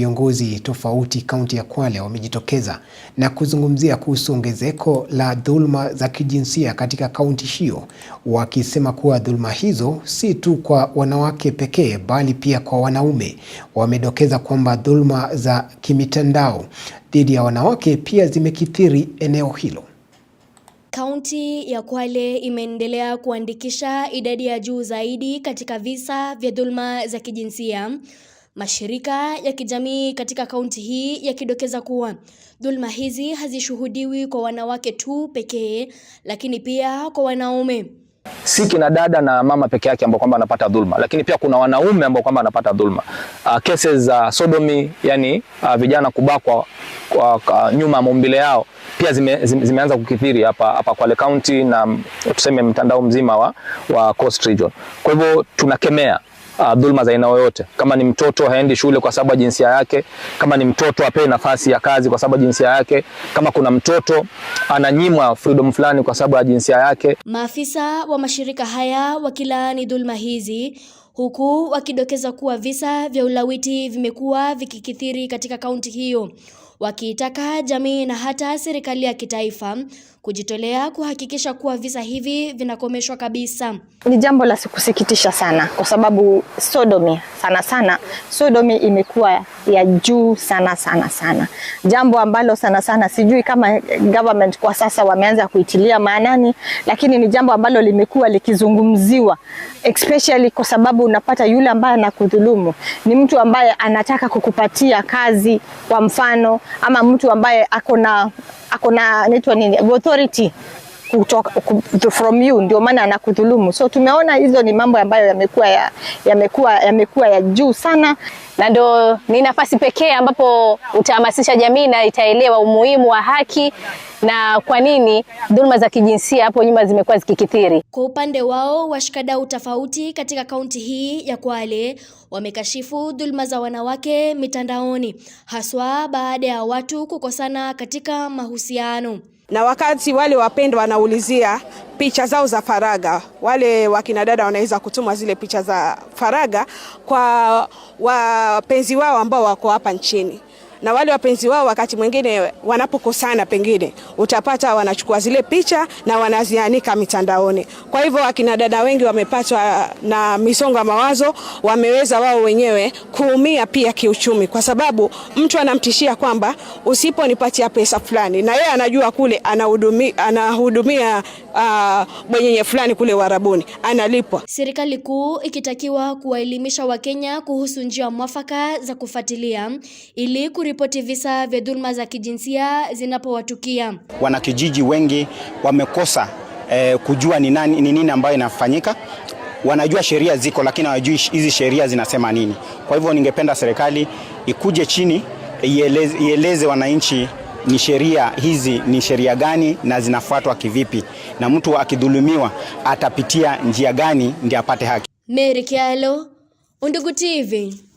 Viongozi tofauti kaunti ya Kwale wamejitokeza na kuzungumzia kuhusu ongezeko la dhuluma za kijinsia katika kaunti hiyo, wakisema kuwa dhuluma hizo si tu kwa wanawake pekee bali pia kwa wanaume. Wamedokeza kwamba dhuluma za kimitandao dhidi ya wanawake pia zimekithiri eneo hilo. Kaunti ya Kwale imeendelea kuandikisha idadi ya juu zaidi katika visa vya dhuluma za kijinsia Mashirika ya kijamii katika kaunti hii yakidokeza kuwa dhulma hizi hazishuhudiwi kwa wanawake tu pekee, lakini pia kwa wanaume. Si kina dada na mama peke yake ambao kwamba anapata dhulma, lakini pia kuna wanaume ambao kwamba anapata dhulma. Uh, cases za uh, sodomi, yani uh, vijana kubakwa kwa, uh, nyuma maumbile yao pia zime, zime, zimeanza kukithiri hapa hapa Kwale County na tuseme mtandao mzima wa, wa Coast Region. Kwa hivyo tunakemea uh, dhulma za aina yoyote. Kama ni mtoto haendi shule kwa sababu ya jinsia yake, kama ni mtoto apewe nafasi ya kazi kwa sababu ya jinsia yake, kama kuna mtoto ananyimwa freedom fulani kwa sababu ya jinsia yake. Maafisa wa mashirika haya wakilaani dhulma hizi huku wakidokeza kuwa visa vya ulawiti vimekuwa vikikithiri katika kaunti hiyo wakiitaka jamii na hata serikali ya kitaifa kujitolea kuhakikisha kuwa visa hivi vinakomeshwa kabisa. Ni jambo la kusikitisha sana, kwa sababu sodomi sana sana, sodomi imekuwa ya juu sana sana sana, jambo ambalo sana sana sijui kama government kwa sasa wameanza kuitilia maanani, lakini ni jambo ambalo limekuwa likizungumziwa especially kwa sababu unapata yule ambaye anakudhulumu ni mtu ambaye anataka kukupatia kazi kwa mfano, ama mtu ambaye ako na ako na nini authority kutoka, from you ndio maana anakudhulumu. So tumeona hizo ni mambo ambayo yamekuwa ya, yamekuwa yamekuwa ya juu sana, na ndio ni nafasi pekee ambapo utahamasisha jamii na itaelewa umuhimu wa haki na kwa nini dhuluma za kijinsia hapo nyuma zimekuwa zikikithiri. Kwa upande wao, washikadau tofauti katika kaunti hii ya Kwale wamekashifu dhuluma za wanawake mitandaoni, haswa baada ya watu kukosana katika mahusiano na wakati wale wapendwa wanaulizia picha zao za faraga, wale wakina dada wanaweza kutuma zile picha za faraga kwa wapenzi wao ambao wako hapa nchini na wale wapenzi wao wakati mwingine wanapokosana, pengine utapata wanachukua zile picha na wanazianika mitandaoni. Kwa hivyo akina dada wengi wamepatwa na misongo ya mawazo, wameweza wao wenyewe kuumia pia kiuchumi, kwa sababu mtu anamtishia kwamba usiponipatia pesa fulani, na yeye anajua kule anahudumia, ah, mwenyenye uh, fulani kule Warabuni analipwa. Serikali kuu ikitakiwa kuwaelimisha Wakenya kuhusu njia mwafaka za kufuatilia ili kuripoti visa vya dhuluma za kijinsia zinapowatukia. Wanakijiji wengi wamekosa eh, kujua ni nani, ni nini ambayo inafanyika. Wanajua sheria ziko, lakini hawajui hizi sheria zinasema nini. Kwa hivyo ningependa serikali ikuje chini ieleze, ieleze wananchi ni sheria hizi ni sheria gani na zinafuatwa kivipi, na mtu akidhulumiwa atapitia njia gani ndio apate haki. Mary Kyalo, Undugu TV.